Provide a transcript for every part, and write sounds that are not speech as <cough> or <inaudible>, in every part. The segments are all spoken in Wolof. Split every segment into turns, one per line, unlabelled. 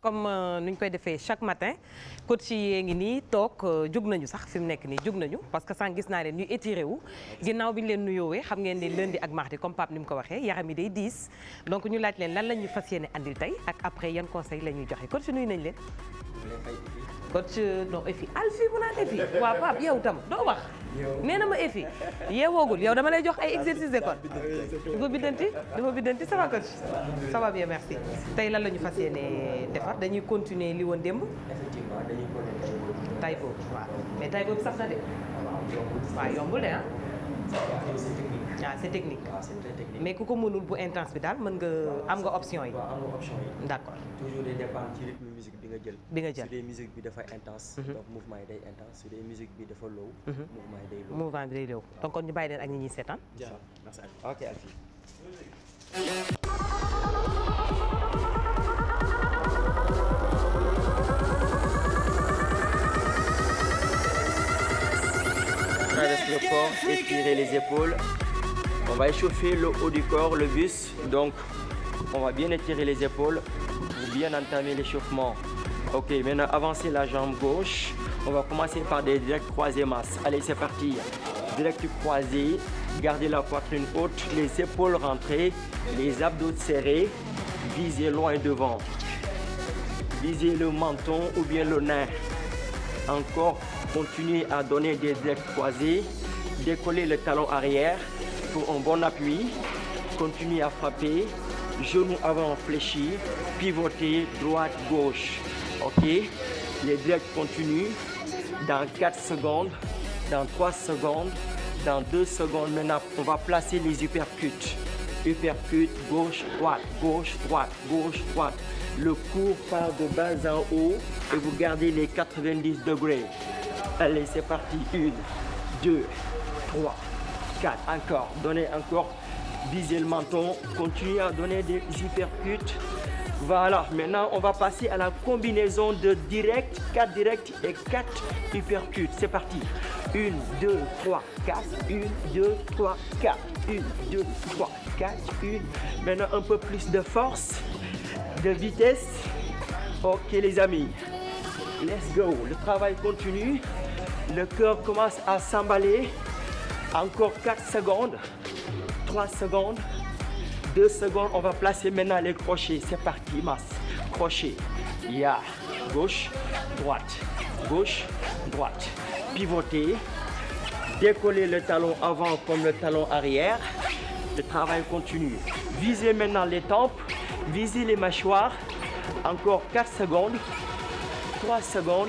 comme euh, nu ñu koy defee chaque matin coach yi yee ngi nii toog euh, jug nañu sax fi mu nekk nii jug nañu parce que san gis naa leen ñu étiré wu ginnaaw bi ñu leen nuyoowee xam ngeen ni lundi ak mardi comme Pape ni mu ko waxee yaram yi day diis donc ñu laaj leen lan la ñu fas yéene andil tey ak après yan conseil la ñuy joxe coach nuyu nañ leen coach euh, non et puis Alfi mu naan et puis <laughs> waaw Pape yow tam doo
wax nee na ma efi
yeewoogul yow dama lay jox ay exercice de kon ah, dafa biddanti dafa biddanti ça va coach merci tey lan la ñu fas yéene defar dañuy continuer li woon démb effectivement dañuy continuer tay boobu waaw mais tay sax na de ah, waaw yombul de ah waaw ah, c'est technique waaw ah, mais ku ko mënul bu intense bi daal mën nga am nga option yi. waaw am nga option yi.
ci rythme musique bi nga jël. bi nga jël su dee musique bi dafa intense. Mhm. donc mouvement yi day intense su dee musique bi dafa low. Mhm. mouvement yi day low mouvement bi day low donc kon
ñu bàyyi leen ak ñi ñuy
le corps, étirer les épaules. On va échauffer le haut du corps, le bus. Donc, on va bien étirer les épaules pour bien entamer l'échauffement. Ok, maintenant avancez la jambe gauche. On va commencer par des directs croisés masse. Allez, c'est parti. Direct croisé, gardez la poitrine haute, les épaules rentrées, les abdos serrés, visez loin devant. Visez le menton ou bien le nez. Encore Continuez à donner des directs croisés, décoller le talon arrière pour un bon appui. Continuez à frapper, genou avant fléchi, pivoter droite gauche. OK Les directs dans 4 secondes, dans 3 secondes, dans 2 secondes maintenant, on va placer les uppercuts. Uppercut, Allez, c'est parti. Une, deux, trois, quatre. Encore. Donnez encore. Visez le menton. Continuez à donner des hypercutes. Voilà. Maintenant, on va passer à la combinaison de direct, 4 directs et 4 hypercutes. C'est parti. 1, 2, 3, Maintenant, un peu plus de force, de vitesse. Ok, les amis. Le travail continue. Le cœur commence à s'emballer. Encore 4 secondes, 3 secondes, 2 secondes. On va placer maintenant les crochets. C'est parti, masse. Crochet. Ya. Yeah. Gauche, droite. Gauche, droite. Pivoter. Décoller le talon avant comme le talon arrière. Le travail continue. Visez maintenant les tempes. Visez les mâchoires. Encore 4 secondes, 3 secondes,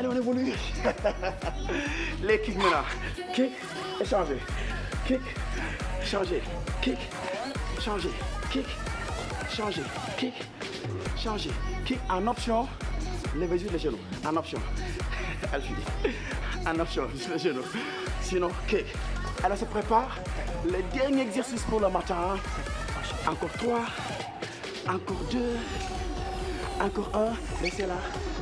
Allez, on évolue. <laughs> Les kicks maintenant. Kick, échanger. Kick, changer. Kick, changer. Kick, changer. Kick, changer. Kick en option. Levez juste les genoux. En option. <laughs> Allez, En option, juste les genoux. Sinon, kick. Alors, se prépare. Le dernier exercice pour le matin. Encore trois. Encore deux. Encore un. Laissez là.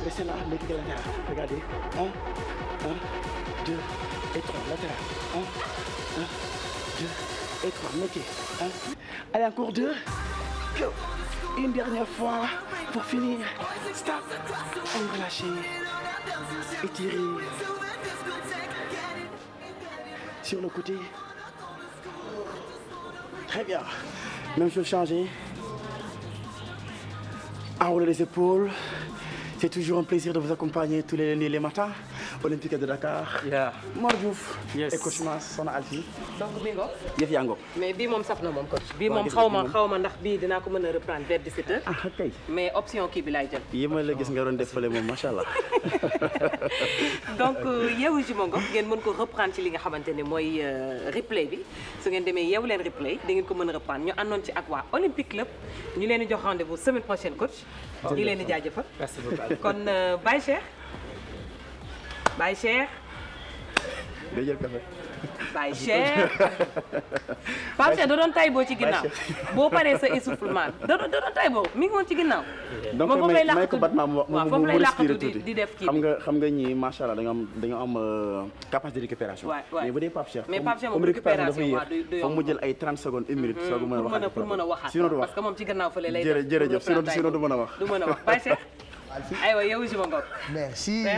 Laissez là. Mettez latéral. Regardez. Un. Un. Deux. Et trois. Latéral. Un. Un. Deux. Et trois. Mettez. Un. Allez, encore deux. Go. Une dernière fois. Pour finir. Stop. Allez, relâchez. Étirez. Sur le côté. Très bien. Même chose changée. enrouler les épaules C'est toujours un plaisir de vous accompagner tous les lundis les matins Olympique de Dakar. yaa Mor Diouf. yes et coach bi ngoog. yëf yaa
mais bii moom saf na moom coach. bii moom xaw ma xaw ma ndax bii dinaa ko mën a reprendre vers 17h. ah kay mais option kii bi laay jël.
yi ma la gis nga doon def fële moom macha allah.
<laughs> donc euh, yeewu ji ma ngoog ngeen mën ko reprendre ci li nga xamante ne mooy euh, replay bi su ngeen demee yeewu leen replay di ngeen ko mën a reprendre ñu àndoon ci ak waa Olympique Club ñu leen di jox rendez-vous semaine prochaine coach. ñu ngi leen di jaajëfal. merci beaucoup kon euh, Baye Cheikh Baye Cheikh.
day jël café. Baye Cheikh tay boo ci ginnaaw <laughs> boo paree sa essoufflement
da doon da doon tay boo mi ngi woon ci ginnaaw.
donc may may ko di def kii xam nga xam nga ñii macha allah dañoo am dañoo am euh, capacité dee Pape Cheikh. moom récupération waaw du du mu jël ay 30 secondes 1 minute. Mm-hmm. soo ko a waxaat pour a waxaat sinon du wax parce que
moom a wax. du mën a
merci.